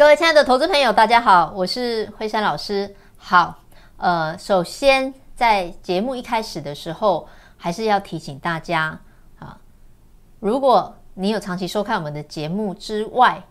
各位親愛的投資朋友，大家好，我是惠珊老師。好，呃，首先在節目一開始的時候，還是要提醒大家啊，如果你有長期收看我們的節目之外，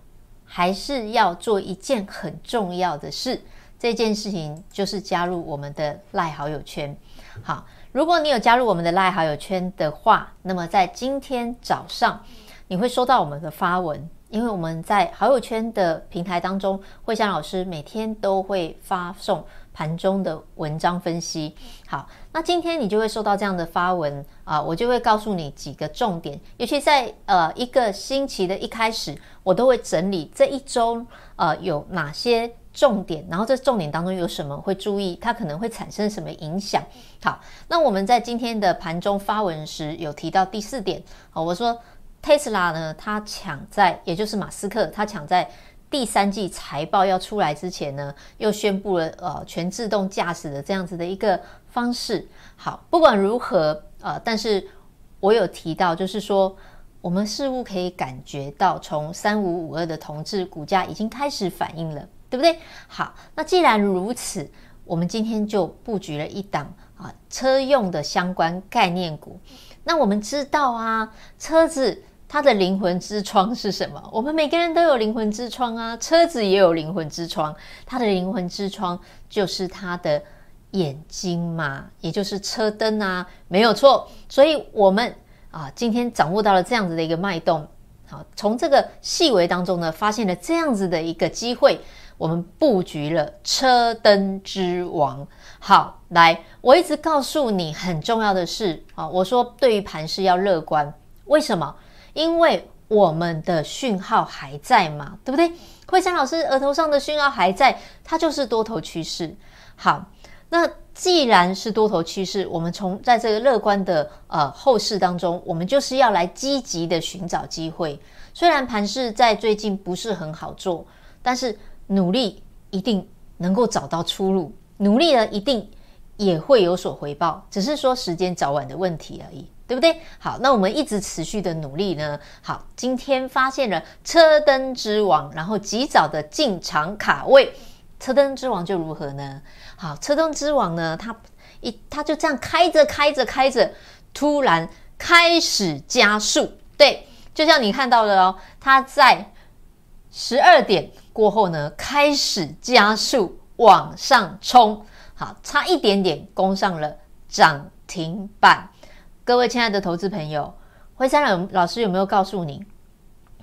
還是要做一件很重要的事，這件事情就是加入我們的 LINE 好友圈。好，如果你有加入我們的 LINE 好友圈的話，那麼在今天早上你會收到我們的發文。因為我們在好友圈的平台當中，惠珊老師每天都會發送盤中的文章分析。好，那今天你就會收到這樣的發文啊、呃，我就會告訴你幾個重點。尤其在呃一個星期的一開始，我都會整理這一周呃有哪些重點，然後這重點當中有什麼會注意，它可能會產生什麼影響。好，那我們在今天的盤中發文時有提到第四點好、哦，我說。特斯拉呢？它搶在，也就是馬斯克，他搶在第三季財報要出來之前呢，又宣布了呃，全自動駕駛的這樣子的一個方式。好，不管如何呃，但是我有提到，就是說我們似乎可以感覺到，從三五五二的同致股價已經開始反應了，對不對？好，那既然如此，我們今天就布局了一檔啊，車用的相關概念股。那我們知道啊，車子。他的靈魂之窗是什麼？我們每個人都有靈魂之窗啊，車子也有靈魂之窗，他的靈魂之窗就是他的眼睛嘛，也就是車燈啊，沒有錯。所以，我們啊，今天掌握到了這樣子的一個脈動，好、啊，從這個細微當中呢，發現了這樣子的一個機會，我們布局了車燈之王。好，來，我一直告訴你很重要的是啊，我說對於盤勢要樂觀，為什麼？因為我們的訊號還在嘛，對不對？惠珊老師額頭上的訊號還在，它就是多頭趨勢。好，那既然是多頭趨勢，我們從在這個樂觀的呃後市當中，我們就是要來積極的尋找機會。雖然盤勢在最近不是很好做，但是努力一定能夠找到出路，努力呢一定也會有所回報，只是說時間早晚的問題而已。對不對？好，那我們一直持續的努力呢，好，今天發現了車燈之王，然後及早的進場卡位。車燈之王就如何呢？好，車燈之王呢，它一它就這樣開着開着開着，突然開始加速。對，就像你看到的哦，它在十二點過後呢，開始加速往上衝。好，差一點點攻上了漲停板。各位親愛的投資朋友，惠珊老師有沒有告訴你，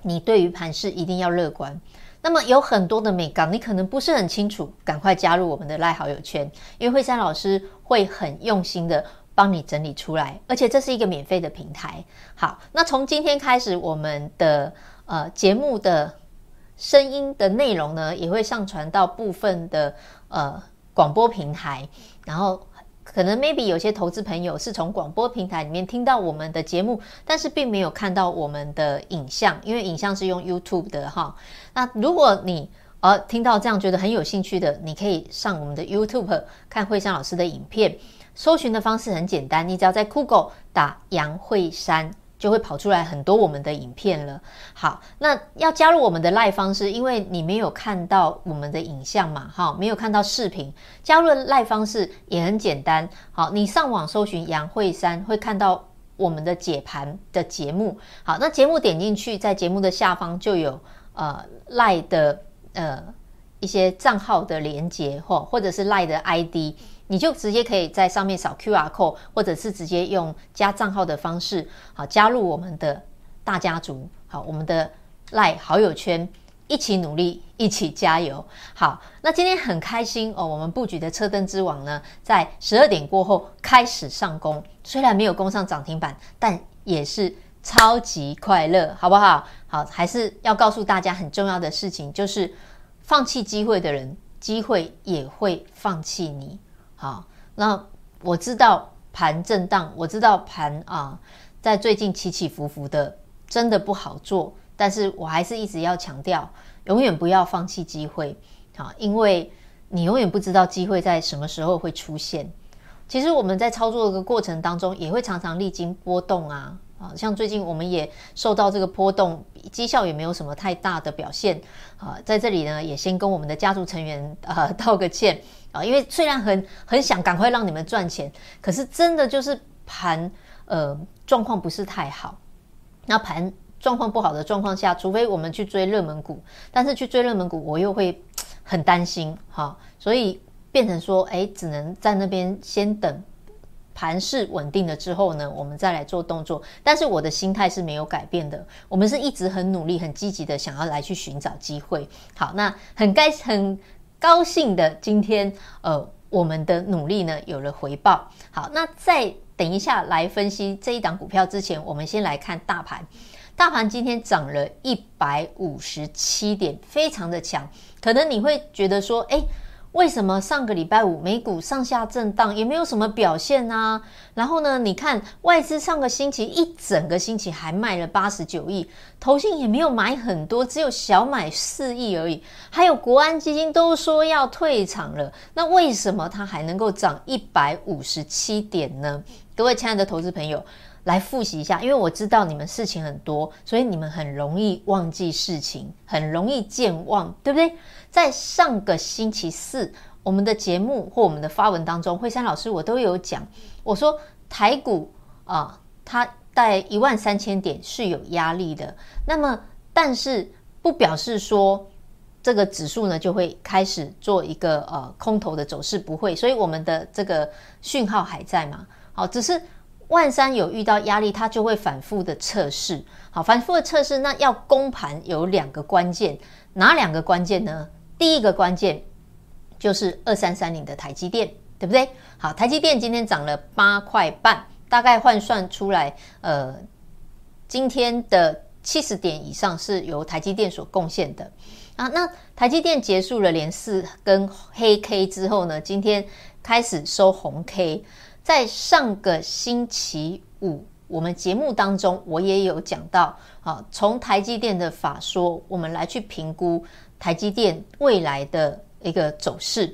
你對於盤勢一定要樂觀？那麼有很多的美港，你可能不是很清楚，趕快加入我們的賴好友圈，因為惠珊老師會很用心的幫你整理出來，而且這是一個免費的平台。好，那從今天開始，我們的呃節目的聲音的內容呢，也會上傳到部分的呃廣播平台，然後。可能 maybe 有些投資朋友是從廣播平台裡面聽到我們的節目，但是並沒有看到我們的影像，因為影像是用 YouTube 的哈。那如果你呃聽到這樣覺得很有興趣的，你可以上我們的 YouTube 看惠珊老師的影片。搜尋的方式很簡單，你只要在 Google 打楊惠珊。就會跑出來很多我們的影片了。好，那要加入我們的賴方式，因為你沒有看到我們的影像嘛，哈，沒有看到視頻，加入賴方式也很簡單。好，你上網搜尋楊惠珊，會看到我們的解盤的節目。好，那節目點進去，在節目的下方就有呃賴的呃一些賬號的連結或或者是賴的 ID。你就直接可以在上面掃 QR Code，或者是直接用加賬號的方式，好，加入我們的大家族，好，我們的賴好友圈，一起努力，一起加油。好，那今天很開心哦，我們布局的車燈之王呢，在十二點過後開始上攻，雖然沒有攻上漲停板，但也是超級快樂，好不好？好，還是要告訴大家很重要的事情，就是放棄機會的人，機會也會放棄你。好，那我知道盤震盪，我知道盤啊，在最近起起伏伏的，真的不好做。但是我還是一直要強調，永遠不要放棄機會啊，因為你永遠不知道機會在什麼時候會出現。其實我們在操作的過程當中，也會常常歷經波動啊啊，像最近我們也受到這個波動，績效也沒有什麼太大的表現啊。在這裡呢，也先跟我們的家族成員啊，呃，道個歉。因為雖然很很想趕快讓你們賺錢，可是真的就是盤呃狀況不是太好。那盤狀況不好的狀況下，除非我們去追熱門股，但是去追熱門股我又會很擔心哈、哦，所以變成說，誒只能在那邊先等盤勢穩定了之後呢，我們再來做動作。但是我的心態是沒有改變的，我們是一直很努力、很積極的想要來去尋找機會。好，那很該很。高興的今天，呃，我們的努力呢，有了回報。好，那再等一下來分析這一檔股票之前，我們先來看大盤。大盤今天漲了一百五十七點，非常的強。可能你會覺得說，哎。為什麼上個禮拜五美股上下震盪，也沒有什麼表現呢、啊？然後呢，你看外資上個星期一整個星期還賣了八十九億，投信也沒有買很多，只有小買四億而已。還有國安基金都說要退場了，那為什麼它還能夠漲一百五十七點呢？各位親愛的投資朋友，來複習一下，因為我知道你們事情很多，所以你們很容易忘記事情，很容易健忘，對不對？在上個星期四，我們的節目或我們的發文當中，惠珊老師我都有講，我說台股啊，呃，它帶一萬三千點是有壓力的。那麼，但是不表示說這個指數呢就會開始做一個呃空頭的走勢，不會。所以我們的這個訊號還在嘛？好，哦，只是萬三有遇到壓力，它就會反復的測試。好，反復的測試，那要攻盤有兩個關鍵，哪兩個關鍵呢？第一個關鍵就是二三三零的台積電，對不對？好，台積電今天漲了八塊半，大概換算出來，呃，今天的七十點以上是由台積電所貢獻的啊。那台積電結束了連四根黑 K 之後呢，今天開始收紅 K。在上個星期五，我們節目當中我也有講到，啊，從台積電的法說，我們來去評估。台積電未來的一個走勢，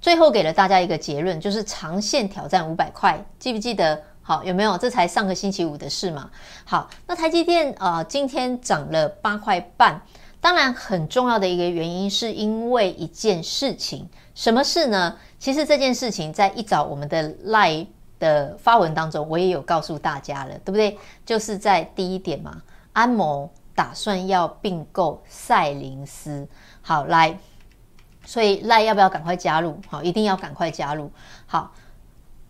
最後給了大家一個結論，就是長線挑戰五百塊，記不記得？好，有沒有？這才上個星期五的事嘛。好，那台積電啊、呃，今天漲了八塊半。當然，很重要的一個原因是因為一件事情，什麼事呢？其實這件事情在一早我們的 LINE 的發文當中，我也有告訴大家了，對不對？就是在第一點嘛，安謀。打算要併購賽靈思，好，來，所以賴要不要趕快加入？好，一定要趕快加入。好，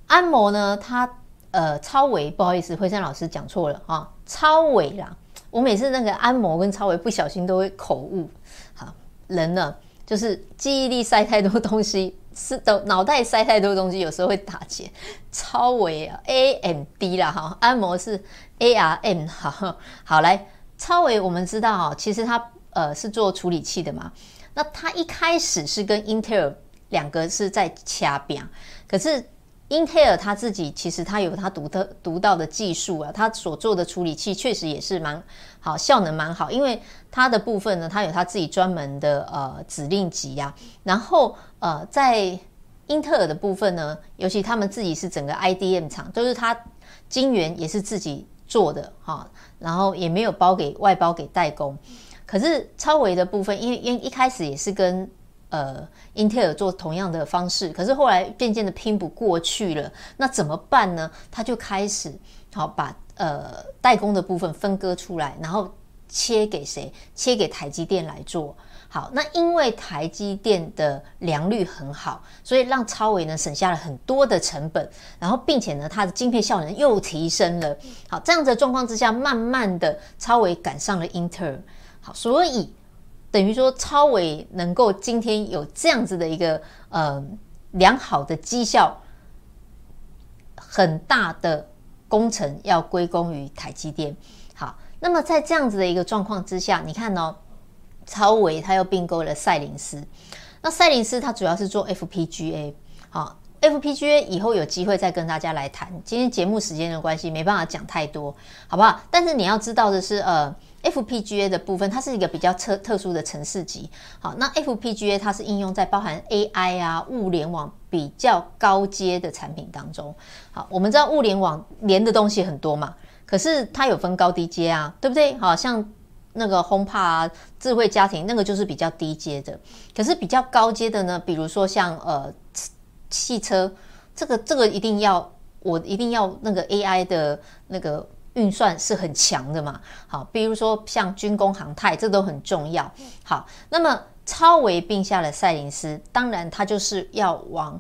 安謀呢？他呃，超微，不好意思，惠珊老師講錯了啊、哦，超微啦。我每次那個安謀跟超微不小心都會口誤。好，人呢，就是記憶力塞太多東西，是的，腦袋塞太多東西，有時候會打結。超微啊，A M D 啦，哈、哦，安謀是 A R M，好好來。超微，我們知道，哦，其實它呃是做處理器的嘛。那它一開始是跟英特爾兩個是在掐邊，可是英特爾它自己其實它有它獨特獨到的技術啊，它所做的處理器確實也是蠻好，效能蠻好，因為它的部分呢，它有它自己專門的呃指令集呀，啊。然後呃，在英特爾的部分呢，尤其他們自己是整個 IDM 廠，就是它晶圓也是自己。做的哈，然後也沒有包給外包給代工，可是超微的部分，因為因為一開始也是跟呃英特爾做同樣的方式，可是後來漸漸的拼不過去了，那怎麼辦呢？他就開始好把呃代工的部分分割出來，然後切給誰？切給台積電來做。好，那因為台積電的良率很好，所以讓超微呢省下了很多的成本，然後並且呢它的晶片效能又提升了。好，這樣子的狀況之下，慢慢的超微趕上了英特爾。好，所以等於說超微能夠今天有這樣子的一個呃良好的績效，很大的功臣，要歸功於台積電。好，那麼在這樣子的一個狀況之下，你看哦。超微它又併購了賽靈思。那賽靈思它主要是做 FPGA，好，FPGA 以後有機會再跟大家來談，今天節目時間的關係沒辦法講太多，好不好？但是你要知道的是，呃，FPGA 的部分它是一個比較特特殊的城市級，好，那 FPGA 它是應用在包含 AI 啊、物聯網比較高階的產品當中，好，我們知道物聯網連的東西很多嘛，可是它有分高低階啊，對不對？好像。那個 HomePod、啊、智慧家庭，那個就是比較低階的。可是，比較高階的呢，比如說像呃汽車，這個這個一定要我一定要那個 AI 的那個運算是很強的嘛。好，比如說像軍工航太，這都很重要。好，那麼超微併下的賽靈思，當然它就是要往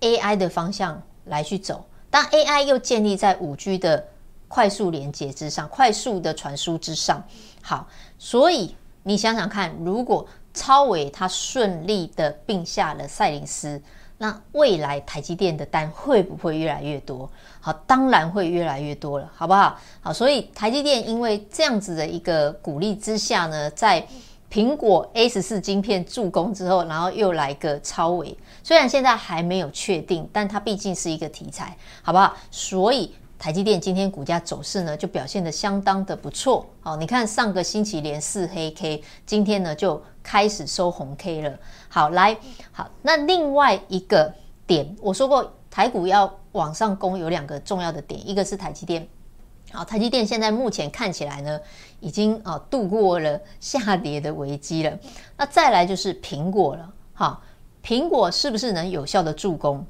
AI 的方向來去走。但 AI 又建立在五 G 的快速連接之上，快速的傳輸之上。好，所以你想想看，如果超微他順利的併下了賽靈思，那未來台積電的單會不會越來越多？好，當然會越來越多了，好不好？好，所以台積電因為這樣子的一個鼓勵之下呢，在蘋果 A 十四晶片助攻之後，然後又來個超微，雖然現在還沒有確定，但它畢竟是一個題材，好不好？所以。台積電今天股價走勢呢，就表現得相當的不錯。好、哦，你看上個星期連四黑 K，今天呢就開始收紅 K 了。好，來，好，那另外一個點，我說過台股要往上攻有兩個重要的點，一個是台積電。好，台積電現在目前看起來呢，已經啊、哦，度過了下跌的危機了。那再來就是蘋果了。哈、哦，蘋果是不是能有效的助攻？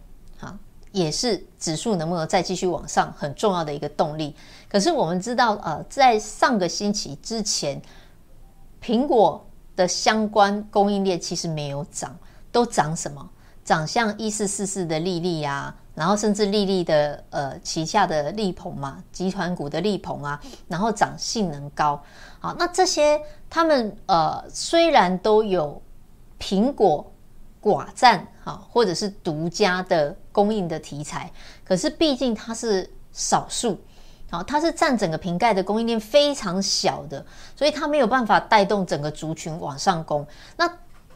也是指數能不能再繼續往上很重要的一個動力。可是我們知道，呃，在上個星期之前，蘋果的相關供應鏈其實沒有漲，都漲什麼？漲像一四四四的力麗呀、啊，然後甚至力麗的呃旗下的力鵬嘛、啊，集團股的力鵬啊，然後漲興能高。好，那這些他們呃雖然都有蘋果寡占。或者是獨家的供應的題材，可是畢竟它是少數，好，它是占整個蘋概的供應鏈非常小的，所以它沒有辦法帶動整個族群往上攻。那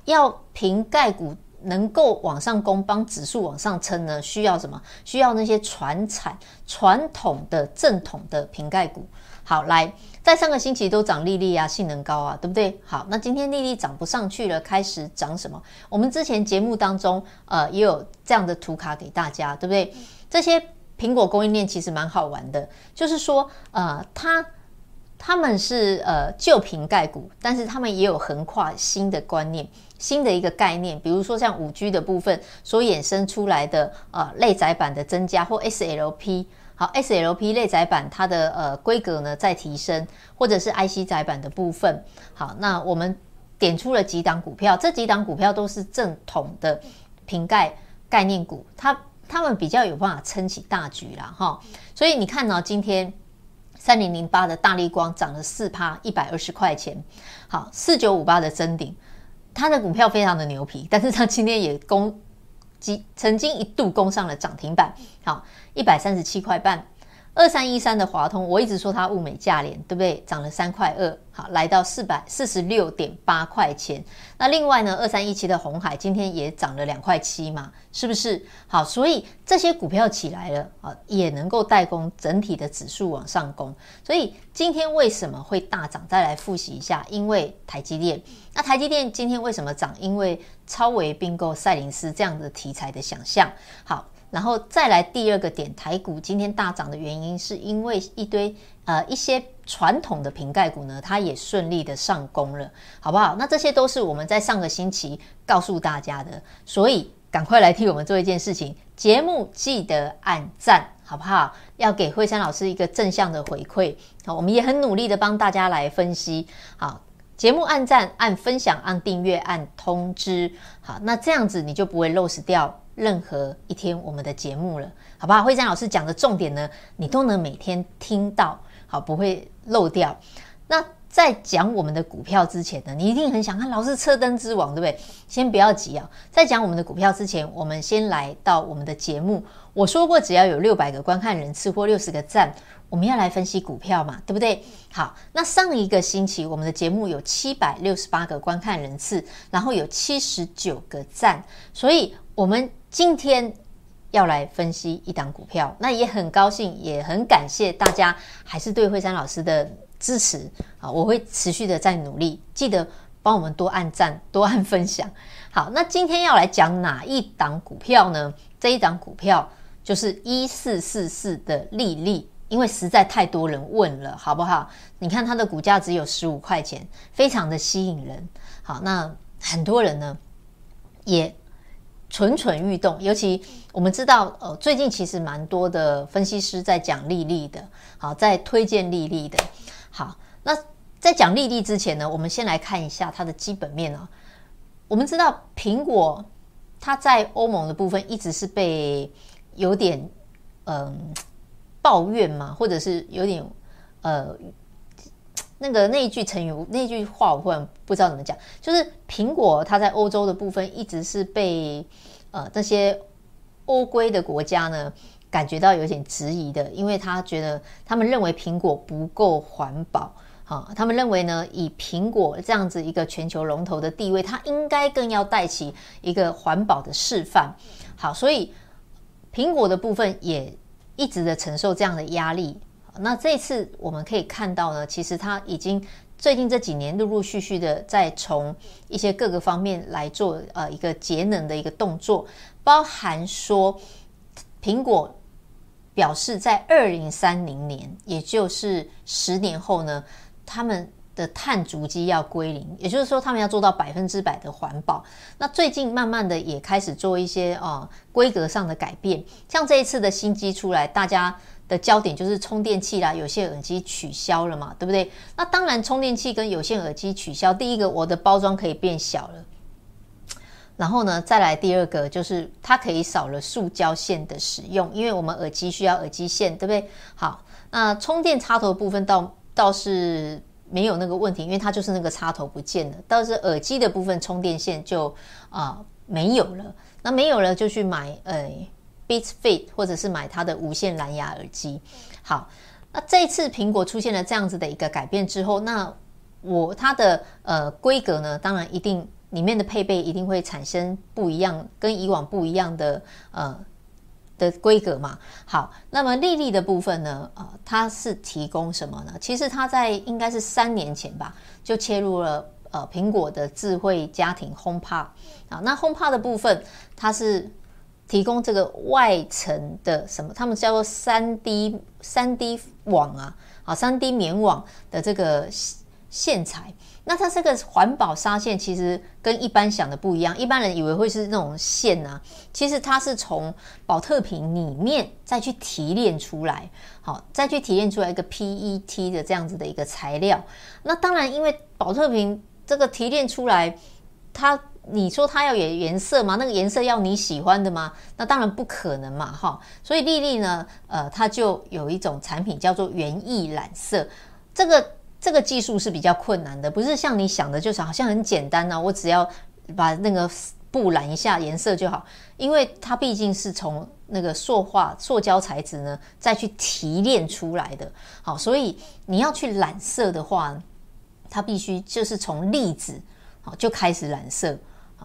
要蘋概股能夠往上攻，幫指數往上撐呢，需要什麼？需要那些傳統、傳統的、正統的蘋概股。好，來，在上個星期都漲力麗啊，興能高啊，對不對？好，那今天力麗漲不上去了，開始漲什麼？我們之前節目當中呃也有這樣的圖卡給大家，對不對？嗯、這些蘋果供應鏈其實蠻好玩的，就是說呃它它們是呃舊蘋概股，但是它們也有橫跨新的觀念、新的一個概念，比如說像五 G 的部分所衍生出來的呃類載板的增加或 SLP。好，SLP 類載板它的呃規格呢在提升，或者是 IC 載板的部分。好，那我們點出了幾檔股票，這幾檔股票都是正統的蘋概,概念股，它它們比較有辦法撐起大局啦哈。所以你看呢、喔，今天三零零八的大立光漲了四趴，一百二十塊錢。好，四九五八的臻鼎，它的股票非常的牛皮，但是它今天也攻。曾經一度攻上了漲停板，好，一百三十七塊半。二三一三的華通，我一直說它物美價廉，對不對？漲了三塊二，好，來到四百四十六點八塊錢。那另外呢，二三一七的鴻海今天也漲了兩塊七嘛，是不是？好，所以這些股票起來了啊，也能夠帶動整體的指數往上攻。所以今天為什麼會大漲？再來複習一下，因為台積電。那台積電今天為什麼漲？因為超微併購賽靈思這樣的題材的想象。好。然後再來第二個點，台股今天大漲的原因，是因為一堆呃一些傳統的蘋概股呢，它也順利的上攻了，好不好？那這些都是我們在上個星期告訴大家的，所以趕快來替我們做一件事情，節目記得按讚，好不好？要給惠珊老師一個正向的回饋，好，我們也很努力的幫大家來分析，好，節目按讚、按分享、按訂閱、按通知，好，那這樣子你就不會 lose 掉。任何一天我們的節目了，好不好？惠珊老師講的重點呢，你都能每天聽到，好，不會漏掉。那在講我們的股票之前呢，你一定很想看老師車燈之王，對不對？先不要急啊，在講我們的股票之前，我們先來到我們的節目。我說過，只要有六百個觀看人次或六十個讚，我們要來分析股票嘛，對不對？好，那上一個星期我們的節目有七百六十八個觀看人次，然後有七十九個讚，所以我們。今天要來分析一檔股票，那也很高興，也很感謝大家還是對惠珊老師的支持啊！我會持續的在努力，記得幫我們多按讚、多按分享。好，那今天要來講哪一檔股票呢？這一檔股票就是一四四四的力麗，因為實在太多人問了，好不好？你看它的股價只有十五塊錢，非常的吸引人。好，那很多人呢也。蠢蠢欲動，尤其我們知道，呃，最近其實蠻多的分析師在講力麗的，好，在推薦力麗的，好。那在講力麗之前呢，我們先來看一下它的基本面啊。我們知道蘋果它在歐盟的部分一直是被有點嗯、呃、抱怨嘛，或者是有點呃，那個那一句成語，那句話我不知道怎麼講，就是蘋果它在歐洲的部分一直是被呃，那些歐規的國家呢，感覺到有點質疑的，因為他覺得他們認為蘋果不夠環保，哈、啊，他們認為呢，以蘋果這樣子一個全球龍頭的地位，它應該更要帶起一個環保的示範，好，所以蘋果的部分也一直的承受這樣的壓力。那這次我們可以看到呢，其實它已經。最近這幾年，陸陸續續的在從一些各個方面來做呃一個節能的一個動作，包含說蘋果表示在二零三零年，也就是十年後呢，他們的碳足跡要歸零，也就是說他們要做到百分之百的環保。那最近慢慢的也開始做一些啊規格上的改變，像這一次的新機出來，大家。焦點就是充電器啦，有線耳機取消了嘛，對不對？那當然，充電器跟有線耳機取消，第一個我的包裝可以變小了，然後呢，再來第二個就是它可以少了塑膠線的使用，因為我們耳機需要耳機線，對不對？好，那充電插頭的部分倒倒是沒有那個問題，因為它就是那個插頭不見了，倒是耳機的部分充電線就啊、呃、沒有了，那沒有了就去買呃。Beats Fit，或者是買它的無線藍牙耳機。好，那這次蘋果出現了這樣子的一個改變之後，那我它的呃規格呢，當然一定裡面的配備一定會產生不一樣，跟以往不一樣的呃的規格嘛。好，那麼力麗的部分呢，呃，它是提供什麼呢？其實它在應該是三年前吧，就切入了呃蘋果的智慧家庭 HomePod 啊，那 HomePod 的部分，它是提供這個外層的什麼？他們叫做三 D 三 D 網啊，啊，三 D 棉網的這個線材。那它這個環保紗線其實跟一般想的不一樣，一般人以為會是那種線吶、啊，其實它是從寶特瓶裡面再去提煉出來，好、哦，再去提煉出來一個 PET 的這樣子的一個材料。那當然，因為寶特瓶這個提煉出來，它。你說它要有顏色嗎？那個顏色要你喜歡的嗎？那當然不可能嘛，哈、哦！所以力麗呢，呃，它就有一種產品叫做原液染色，這個這個技術是比較困難的，不是像你想的，就是好像很簡單呢、啊。我只要把那個布染一下顏色就好，因為它畢竟是從那個塑化塑膠材質呢再去提煉出來的，好、哦，所以你要去染色的話，它必須就是從粒子好、哦、就開始染色。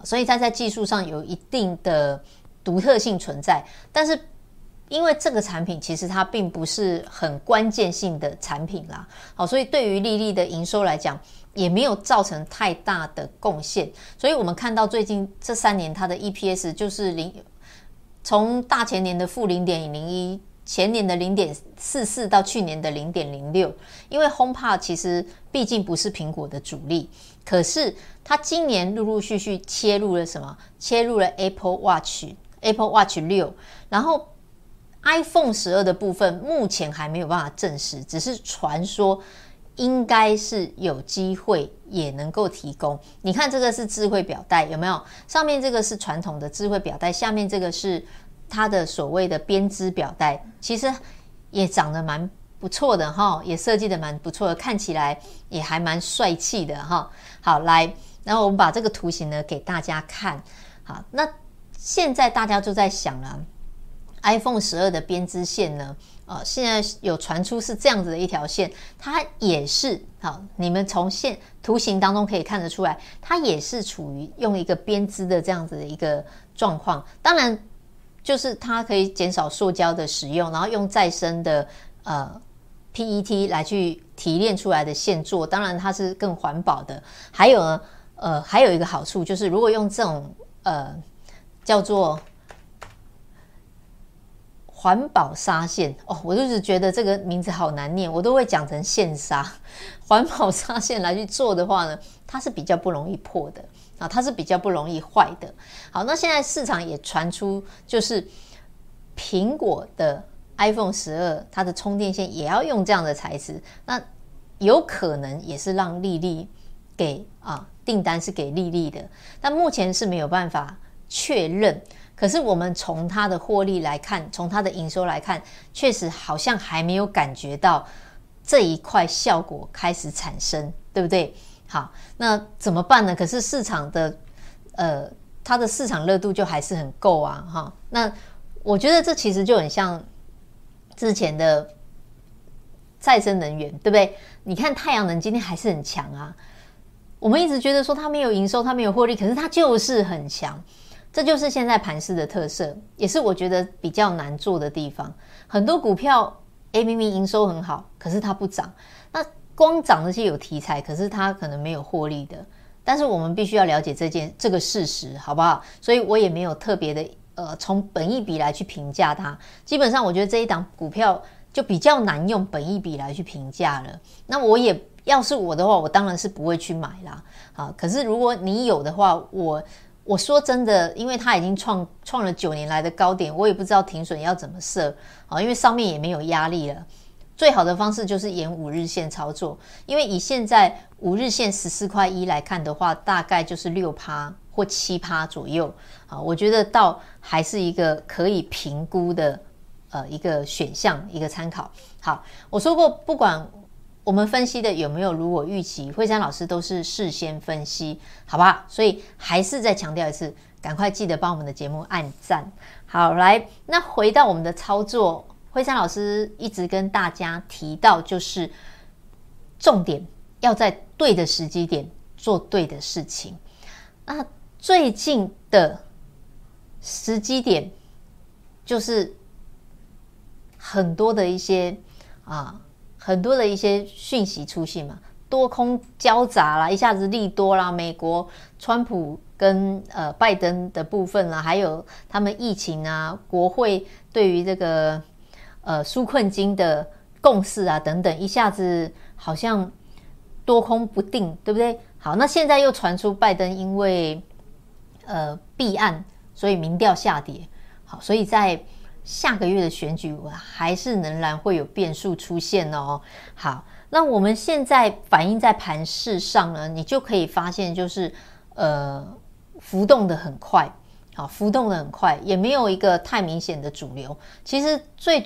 所以它在技術上有一定的獨特性存在，但是因為這個產品其實它並不是很關鍵性的產品啦，好，所以對於力麗的營收來講也沒有造成太大的貢獻。所以我們看到最近這三年它的 EPS 就是零，從大前年的負零點零一，前年的零點四四到去年的零點零六，因為 HomePod 其實畢竟不是蘋果的主力，可是。它今年陸陸續續切入了什麼？切入了 Apple Watch，Apple Watch，Apple Watch 六，然後 iPhone 十二的部分目前還沒有辦法證實，只是傳說，應該是有機會也能夠提供。你看這個是智慧錶帶，有沒有？上面這個是傳統的智慧錶帶，下面這個是它的所謂的編織錶帶，其實也長得蠻不錯的哈，也設計的蠻不錯的，看起來也還蠻帥氣的哈。好，來。然後我們把這個圖形呢給大家看，好，那現在大家就在想了，啊，iPhone 十二的編織線呢，啊，呃，現在有傳出是這樣子的一條線，它也是好，你們從線圖形當中可以看得出來，它也是處於用一個編織的這樣子的一個狀況。當然，就是它可以減少塑膠的使用，然後用再生的呃 PET 來去提煉出來的線做，當然它是更環保的，還有呢。呃，還有一個好處就是，如果用這種呃叫做環保紗線哦，我就是覺得這個名字好難念，我都會講成線紗環保紗線來去做的話呢，它是比較不容易破的啊，它是比較不容易壞的。好，那現在市場也傳出就是蘋果的 iPhone 十二它的充電線也要用這樣的材質，那有可能也是讓力麗給啊。訂單是給力麗的，但目前是沒有辦法確認。可是我們從它的獲利來看，從它的營收來看，確實好像還沒有感覺到這一塊效果開始產生，對不對？好，那怎麼辦呢？可是市場的呃，它的市場熱度就還是很夠啊，哈。那我覺得這其實就很像之前的再生能源，對不對？你看太陽能今天還是很強啊。我們一直覺得說它沒有營收，它沒有獲利，可是它就是很強，這就是現在盤勢的特色，也是我覺得比較難做的地方。很多股票，誒，明明營收很好，可是它不漲。那光漲這些有題材，可是它可能沒有獲利的。但是我們必須要了解這件這個事實，好不好？所以我也沒有特別的呃，從本益比來去評價它。基本上，我覺得這一檔股票就比較難用本益比來去評價了。那我也。要是我的話，我當然是不會去買啦。啊，可是如果你有的話，我我說真的，因為它已經創創了九年來的高點，我也不知道停損要怎麼設啊，因為上面也沒有壓力了。最好的方式就是沿五日線操作，因為以現在五日線十四塊一來看的話，大概就是六趴或七趴左右啊。我覺得倒還是一個可以評估的呃，一個選項，一個參考。好，我說過不管。我們分析的有沒有如果預期？惠珊老師都是事先分析，好吧？所以還是再強調一次，趕快記得幫我們的節目按讚。好，來，那回到我們的操作，惠珊老師一直跟大家提到，就是重點要在對的時機點做對的事情。那、啊、最近的時機點，就是很多的一些啊。很多的一些訊息出現嘛，多空交雜啦，一下子利多啦，美國川普跟呃拜登的部分啦，還有他們疫情啊，國會對於這個呃紓困金的共識啊等等，一下子好像多空不定，對不對？好，那現在又傳出拜登因為呃弊案，所以民調下跌，好，所以在。下個月的選舉我還是仍然會有變數出現哦。好，那我們現在反映在盤市上呢，你就可以發現，就是呃，浮動的很快，好、哦，浮動的很快，也沒有一個太明顯的主流。其實最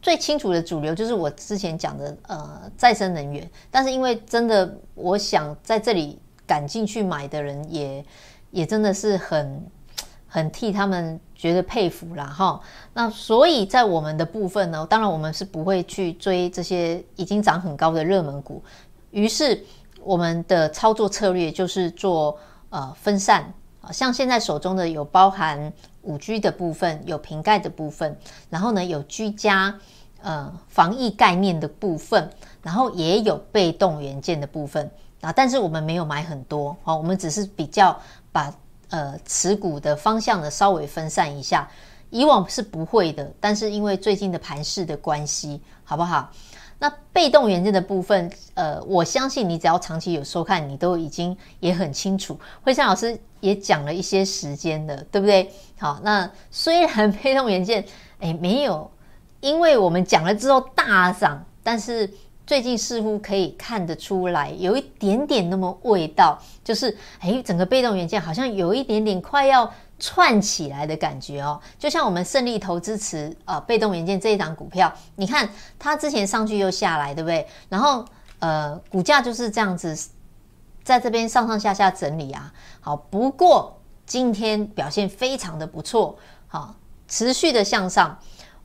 最清楚的主流就是我之前講的呃，再生能源。但是因為真的，我想在這裡趕進去買的人也也真的是很。很替他們覺得佩服了哈，那所以在我們的部分呢，當然我們是不會去追這些已經漲很高的熱門股，於是我們的操作策略就是做呃分散，像現在手中的有包含五 G 的部分，有蘋概的部分，然後呢有居家呃防疫概念的部分，然後也有被動元件的部分啊，但是我們沒有買很多好、哦，我們只是比較把。呃，持股的方向呢，稍微分散一下，以往是不會的，但是因為最近的盤勢的關係，好不好？那被動元件的部分，呃，我相信你只要長期有收看，你都已經也很清楚。惠珊老師也講了一些時間的，對不對？好，那雖然被動元件，誒，沒有，因為我們講了之後大漲，但是。最近似乎可以看得出來有一點點那麼味道，就是誒整個被動元件好像有一點點快要串起來的感覺哦，就像我們勝利投資池啊、呃，被動元件這一檔股票，你看它之前上去又下來，對不對？然後呃，股價就是這樣子，在這邊上上下下整理啊。好，不過今天表現非常的不錯，好、哦，持續的向上。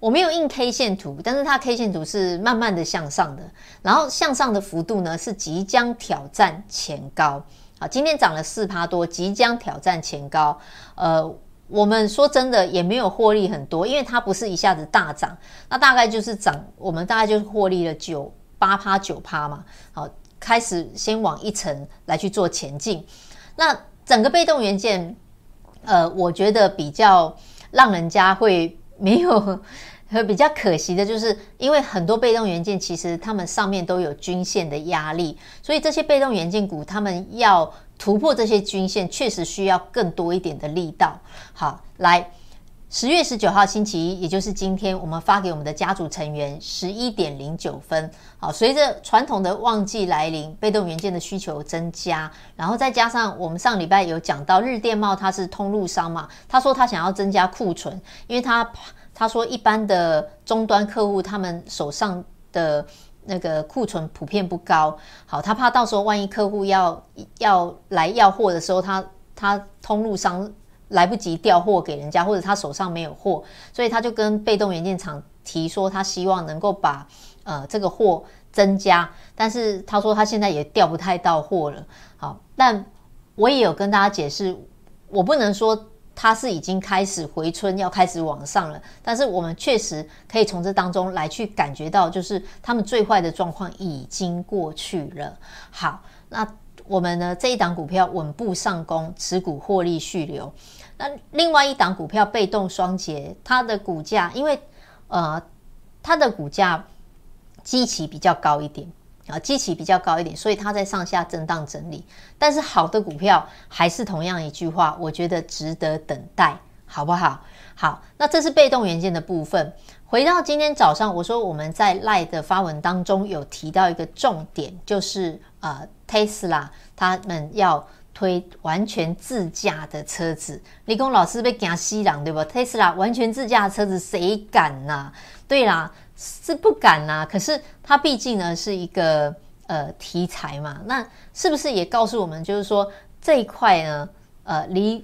我沒有印 K 線圖，但是它 K 線圖是慢慢的向上的，然後向上的幅度呢是即將挑戰前高。好，今天漲了四趴多，即將挑戰前高。呃，我們說真的也沒有獲利很多，因為它不是一下子大漲，那大概就是漲，我們大概就是獲利了九八趴九趴嘛。好，開始先往一層來去做前進。那整個被動元件，呃，我覺得比較讓人家會沒有。比較可惜的就是，因為很多被動元件其實它們上面都有均線的壓力，所以這些被動元件股，它們要突破這些均線，確實需要更多一點的力道。好，來十月十九號星期一，也就是今天我們發給我們的家族成員十一點零九分。好，隨着傳統的旺季來臨，被動元件的需求增加，然後再加上我們上禮拜有講到日電貿，它是通路商嘛，他說他想要增加庫存，因為他。他說，一般的終端客戶，他們手上的那個庫存普遍不高。好，他怕到時候萬一客戶要要來要貨的時候，他他通路上來不及調貨給人家，或者他手上沒有貨，所以他就跟被動元件廠提說，他希望能夠把呃這個貨增加。但是他說他現在也調不太到貨了。好，但我也有跟大家解釋，我不能說。它是已經開始回春，要開始往上了。但是我們確實可以從這當中來去感覺到，就是他們最壞的狀況已經過去了。好，那我們呢，這一檔股票穩步上攻，持股獲利續流。那另外一檔股票被動雙節，它的股價因為呃，它的股價基期比較高一點。啊，基期比較高一點，所以它在上下震盪整理。但是好的股票還是同樣一句話，我覺得值得等待，好不好？好，那這是被動元件的部分。回到今天早上，我說我們在賴、LINE、的發文當中有提到一個重點，就是啊，Tesla 他們要推完全自駕的車子。李工老師被驚西人對不？Tesla 完全自駕的車子誰敢吶、啊？對啦。是不敢吶、啊，可是它畢竟呢是一個呃題材嘛，那是不是也告訴我們，就是說這一塊呢，呃，離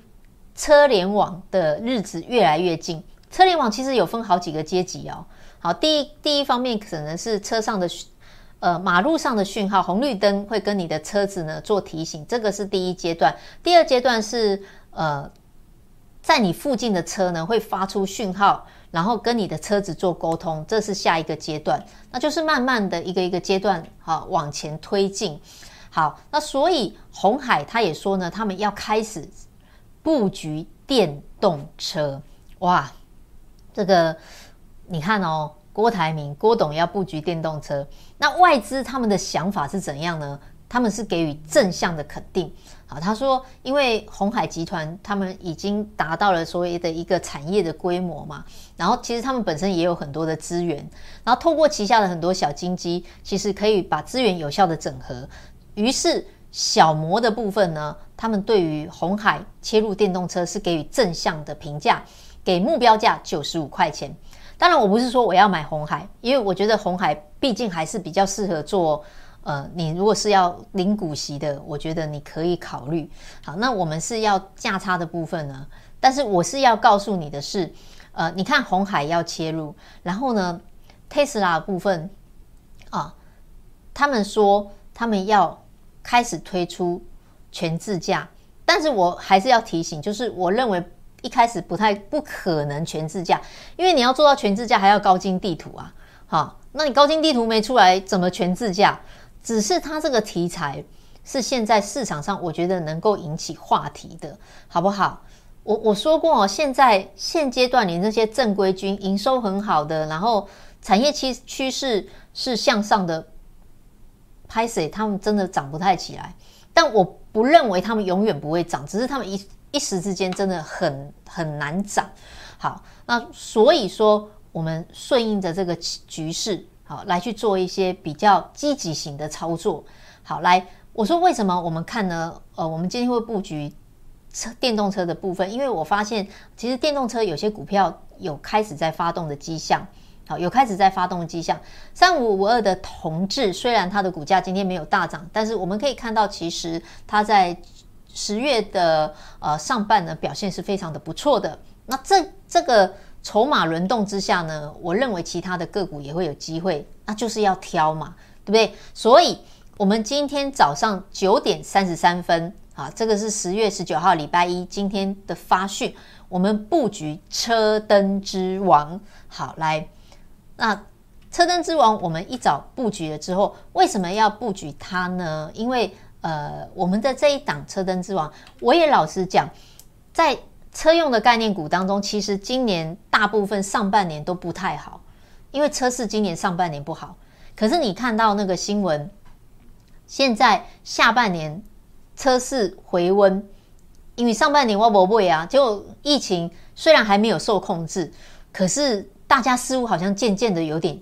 車聯網的日子越來越近。車聯網其實有分好幾個階級哦。好，第一第一方面可能是車上的呃馬路上的訊號，紅綠燈會跟你的車子呢做提醒，這個是第一階段。第二階段是呃，在你附近的車呢會發出訊號。然後跟你的車子做溝通，這是下一個階段，那就是慢慢的一個一個階段好，好往前推進。好，那所以鴻海他也說呢，他們要開始布局電動車，哇，這個你看哦，郭台銘郭董要布局電動車，那外資他們的想法是怎樣呢？他們是給予正向的肯定。好他說，因為鴻海集團他們已經達到了所謂的一個產業的規模嘛，然後其實他們本身也有很多的資源，然後透過旗下的很多小金雞，其實可以把資源有效的整合。於是小摩的部分呢，他們對於鴻海切入電動車是給予正向的評價，給目標價九十五塊錢。當然，我不是說我要買鴻海，因為我覺得鴻海畢竟還是比較適合做。呃，你如果是要領股息的，我覺得你可以考慮。好，那我們是要價差的部分呢？但是我是要告訴你的是，呃，你看鴻海要切入，然後呢，Tesla 部分啊，他們說他們要開始推出全自駕，但是我還是要提醒，就是我認為一開始不太不可能全自駕，因為你要做到全自駕還要高精地圖啊。好，啊，那你高精地圖沒出來，怎麼全自駕？只是它這個題材是現在市場上，我覺得能夠引起話題的，好不好？我我說過哦，現在現階段，你那些正規軍營收很好的，然後產業趨趨勢是向上的，拍水他們真的漲不太起來。但我不認為他們永遠不會漲，只是他們一一時之間真的很很難漲。好，那所以說，我們順應着這個局勢。好，來去做一些比較積極型的操作。好，來，我說為什麼我們看呢？呃，我們今天會布局車電動車的部分，因為我發現其實電動車有些股票有開始在發動的跡象，好，有開始在發動的跡象。三五五二的同致雖然它的股價今天沒有大漲，但是我們可以看到，其實它在十月的呃上半呢表現是非常的不錯的。那這這個。籌碼輪動之下呢，我認為其他的個股也會有機會，那就是要挑嘛，對不對？所以，我們今天早上九點三十三分，啊，這個是十月十九號禮拜一今天的發訊，我們布局車燈之王。好，來，那車燈之王，我們一早布局了之後，為什麼要布局它呢？因為，呃，我們的這一檔車燈之王，我也老實講，在。車用的概念股當中，其實今年大部分上半年都不太好，因為車市今年上半年不好。可是你看到那個新聞，現在下半年車市回溫，因為上半年我不呀、啊，就疫情雖然還沒有受控制，可是大家似乎好像漸漸的有點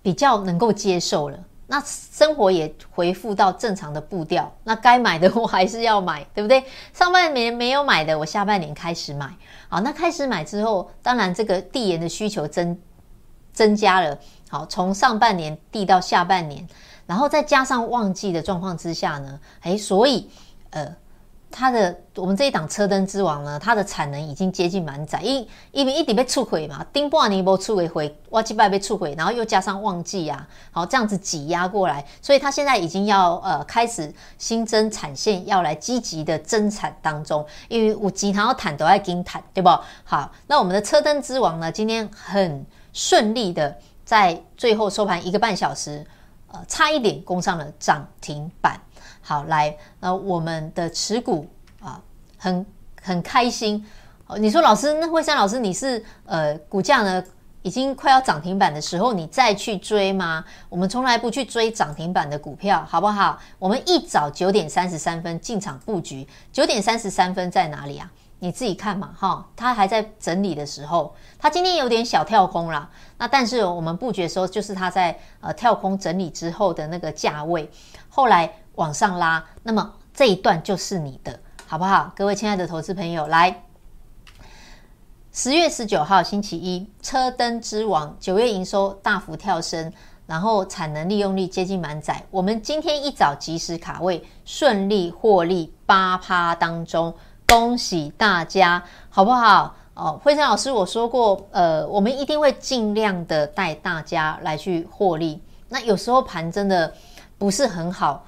比較能夠接受了。那生活也恢復到正常的步調，那該買的我還是要買，對不對？上半年沒有買的，我下半年開始買。好，那開始買之後，當然這個遞延的需求增增加了。好，從上半年遞到下半年，然後再加上旺季的狀況之下呢，誒，所以呃。它的我們這一檔車燈之王呢，它的產能已經接近滿載，因為因為一點被摧毀嘛，頂不完一波摧毀，挖幾敗被摧毀，然後又加上旺季啊，好，這樣子擠壓過來，所以它現在已經要呃開始新增產線，要來積極的增產當中，因為五 G 然後談，都在跟談，對不對？那我們的車燈之王呢，今天很順利的在最後收盤一個半小時，呃，差一點攻上了漲停板。好，來，那我們的持股啊，很很開心。哦，你說老師，那惠珊老師你是呃，股價呢已經快要漲停板的時候，你再去追嗎？我們從來不去追漲停板的股票，好不好？我們一早九點三十三分進場布局，九點三十三分在哪裡啊？你自己看嘛，哈，它還在整理的時候，它今天有點小跳空啦。那但是我們布局的時候，就是它在呃跳空整理之後的那個價位，後來。往上拉，那麼這一段就是你的，好不好？各位親愛的投資朋友，來十月十九號星期一，車燈之王九月營收大幅跳升，然後產能利用率接近滿載。我們今天一早即時卡位，順利獲利八趴當中，恭喜大家，好不好？哦，惠珊老師我說過，呃，我們一定會盡量的帶大家來去獲利。那有時候盤真的不是很好，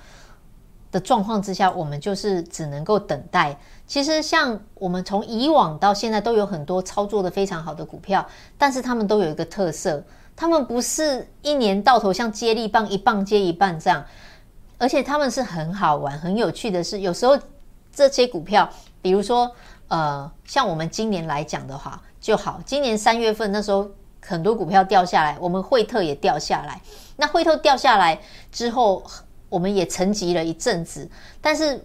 的狀況之下，我們就是只能夠等待。其實，像我們從以往到現在都有很多操作的非常好的股票，但是他們都有一個特色，他們不是一年到頭像接力棒一棒接一棒這樣，而且他們是很好玩、很有趣的是，有時候這些股票，比如說，呃，像我們今年來講的話，就好，今年三月份那時候很多股票掉下來，我們惠特也掉下來，那惠特掉下來之後。我們也沉寂了一陣子，但是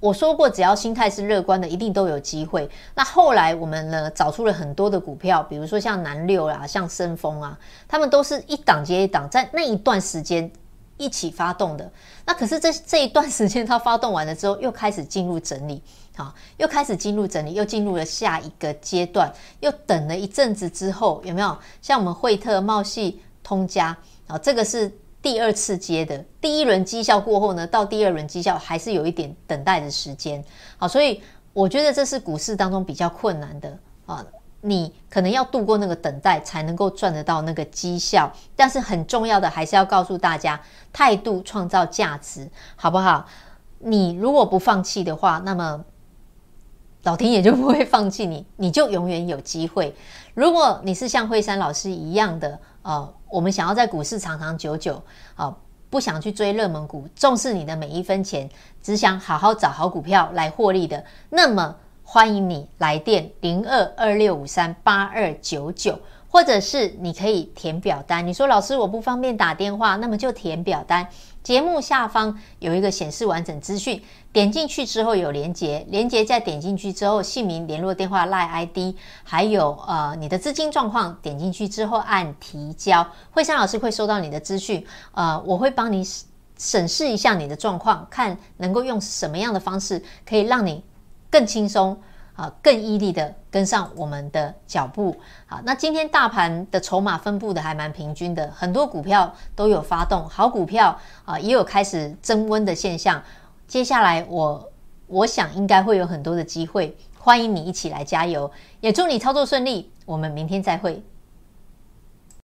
我說過，只要心態是樂觀的，一定都有機會。那後來我們呢，找出了很多的股票，比如說像南六啊，像申豐啊，他們都是一檔接一檔，在那一段時間一起發動的。那可是這這一段時間，它發動完了之後，又開始進入整理，好、啊，又開始進入整理，又進入了下一個階段，又等了一陣子之後，有沒有像我們惠特、茂矽、通嘉啊？這個是。第二次接的第一輪績效過後呢，到第二輪績效還是有一點等待的時間。好，所以我覺得這是股市當中比較困難的啊，你可能要度過那個等待，才能夠賺得到那個績效。但是很重要的還是要告訴大家，態度創造價值，好不好？你如果不放棄的話，那麼老天爺就不會放棄你，你就永遠有機會。如果你是像惠珊老師一樣的。呃、哦，我們想要在股市長長久久，啊、哦，不想去追熱門股，重視你的每一分錢，只想好好找好股票來獲利的，那麼歡迎你來電零二二六五三八二九九，或者是你可以填表單。你說，老師我不方便打電話，那麼就填表單。節目下方有一個顯示完整資訊，點進去之後有連接，連接再點進去之後，姓名、聯絡電話、LINE ID，還有呃你的資金狀況，點進去之後按提交，惠珊老師會收到你的資訊，呃，我會幫你審視一下你的狀況，看能夠用什麼樣的方式可以讓你更輕鬆。啊，更毅力的跟上我們的腳步。好，那今天大盤的籌碼分布的還蠻平均的，很多股票都有發動，好股票啊也有開始增溫的現象。接下來我我想應該會有很多的機會，歡迎你一起來加油，也祝你操作順利。我們明天再會。